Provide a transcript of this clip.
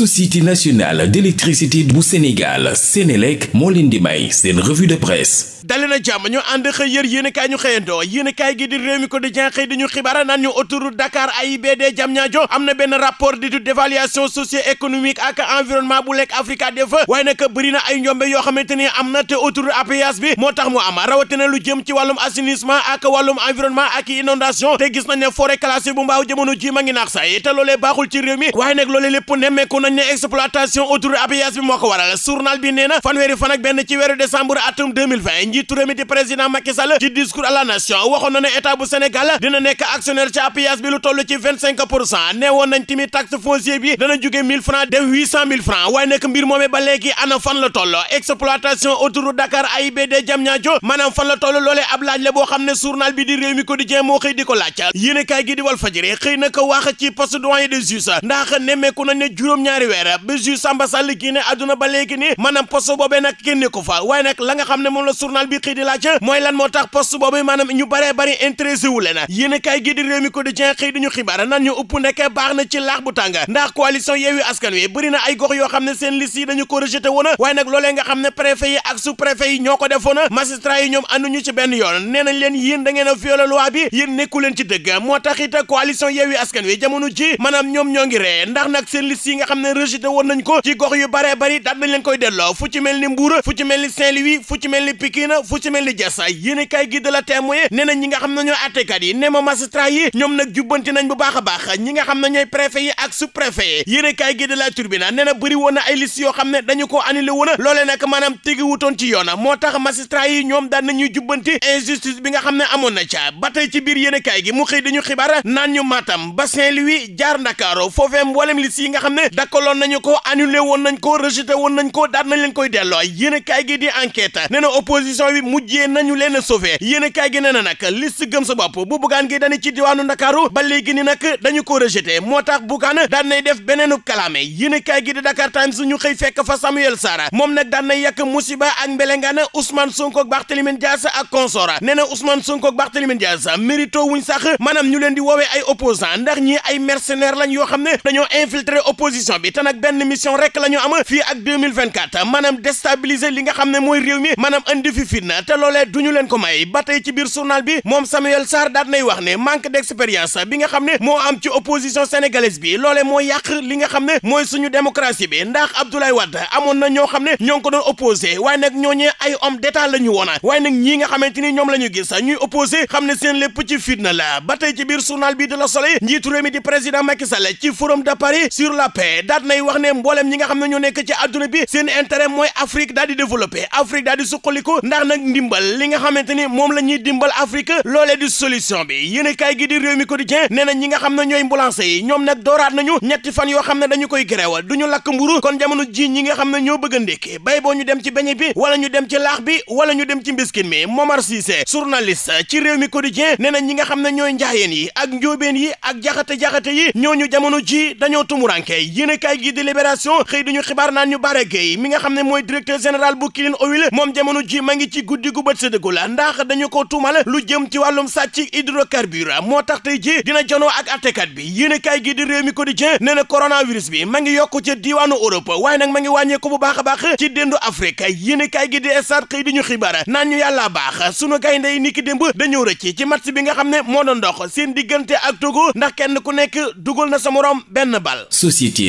société nationale d'électricité bu Sénégal Sénélec moo leen di may seen revue de presse dali na ñu ànd xëy yër yéen i ñu xëyandoo yéen i kaay gi di réew ko di jenxëy di ñu xibaar naan ñu autoroute Dakar AIBD Diamniadio am na benn rapport di tudd d'évaluation socio-économique ak environnement bu lekk Africa def waaye nag bëri na ay njombe yoo xamante ni am na te autoroute à bi moo tax mu am rawatina jëm ci wàllum assainissement ak wàllum nañ ne exploitation autoroute bi moo ko waral journal bi nee na fanweeri fan ak benn ci weeru décembre atum 2020 njiitu président Macky ci discours à la nation waxoon nañ tamit taxe foncier bi dana jóge mille dem huit waaye nag mbir moomee ba léegi ana fan la toll exploitation autoroute Dakar AIBD Diamniadio maanaam fan la toll loolee ab laaj la boo xam ne journal bi di réew mi quotidien moo xëy di ko laaj yéen a gi di Walf xëy na ñaari Samba Sall kii ne ba léegi ni maanaam poste nag kenn ko fa waaye la nga xam ne moom la journal bi xii di mooy lan moo tax poste boobee maanaam ñu baree bari intéressé wu leen yéen a kaay gi di réew mi ñu xibaar nan ñu upp ndekkee baax na ci laax bu tàng ndax coalition Yewwi Askan Wi bëri ay gox yoo xam ne seen liste yi dañu ko rejeté woon waaye nag nga xam ne préfet yi ak sous préfet yi ñoo ko defoon magistrat yi ñoom ànduñu ci xam ne rejeté woon nañ ko ci gox yu baree bari daal nañ koy delloo fu ci mel ni Mbour fu ci mel ni Saint-Louis fu ci mel ni Pikine fu ci mel ni Diass yéen kay gi de la témoin nee na ñi nga xam ne ñooy àttekat yi ne ma magistrat yi ñoom nag jubbanti nañ bu baax a baax ñi nga xam ne ñooy préfet yi ak sous-préfet yi yéen kay gi de la Tribune nee na bëri woon na ay liste yoo xam ne dañu ko annulé woon loolee nag maanaam tegi wutoon ci yoon moo tax magistrat na ca ba tey ci yi nga xam ne dakkaloon nañu ko annulé woon nañ ko rejeté woon nañ ko daat nañ leen koy delloo yéen a gi di enquête nee na opposition bi mujjee nañu leen a sauvé yéen a kaay gi nee na nag liste gëm sa bopp bu bugaan gi dañu ci diwaanu ndakaaru ba léegi ni nag dañu ko rejeté moo tax bugaan daan nay def beneen kalaame yéen a gi di Dakar Times suñu xëy fekk fa Samuel Sarr moom nag daan nay yàq musiba ak mbelengaan Ousmane Sonko ak Barthélémy Dias ak consort nee na Ousmane Sonko ak Barthélémy Dias mérito wuñ sax maanaam ñu leen di woowee ay opposant ndax ñi ay mercenaires lañ yoo xam ne dañoo infiltrer opposition bi te nag benn mission rek la ñu am fii ak 2024 maanaam déstabiliser li nga xam ne mooy réew mi maanaam andi fi fitna te loolee du leen ko may ba tey ci biir journal bi moom Samuel Sarr daat nay wax ne manque d'expérience bi nga xam ne moo am ci opposition sénégalaise bi loole moo yàq li nga xam ne mooy suñu démocratie bi ndax Abdoulaye Wade amoon na ñoo xam ne ñoo ngi ko doon opposé waaye nag ñooñee ay om d'état la ñu woona waaye nag ñii nga xamante ni ñoom la ñu gis ñuy opposé xam ne seen lépp ci fitna la ba tey ci biir journal bi de la njiitu réew di président Macky Sall ci forum de Paris sur la paix daat nay wax ne mboolem ñi nga xam ne ñoo nekk ci adduna bi seen intérêt mooy Afrique daal di développé Afrique daal di suqaliku ndax nag ndimbal li nga xamante ni moom la ñuy dimbal Afrique loolee di solution bi yéen kaay gi di réew mi quotidien nee na ñi nga xam ne ñooy mbulancé yi ñoom nag dooraat nañu ñetti fan yoo xam ne dañu koy gréwa duñu lakk mburu kon jamono ji ñi nga xam ne ñoo bëgg a ndékki bay boo ñu dem ci beñe bi wala ñu dem ci laax bi wala ñu ci mbiskin mi Momar Cissé journaliste ci réew mi quotidien nga xam ne ñooy njaayeen yi ak njóobeen yi ak jaxate-jaxate yi ñooñu jamono ji dañoo tumuranke yéen kaay gii di libération xëy duñu xibaar naan ñu Bara Gueye mi nga xam ne mooy directeur général bu Clean Oil moom jamono ji ma ngi ci guddi gu bët sëdëgu la ndax dañu ko tuumal lu jëm ci wàllum sàcc hydrocarbure moo tax tey ji dina jonoo ak kat bi yéen kaay gi di réew mi quotidien nee na coronavirus bi ma ngi yokku ca diiwaanu Europe waaye nag ma ngi wàññeeku bu baax a baax ci déndu Afrique yéen kaay gi di estat xëy di ñu xibaar naan ñu yàlla baax sunu gaynde yi niki démb dañoo rëcc ci match bi nga xam ne moo doon dox seen diggante ak Togo ndax kenn ku nekk dugal na sa morom benn bal société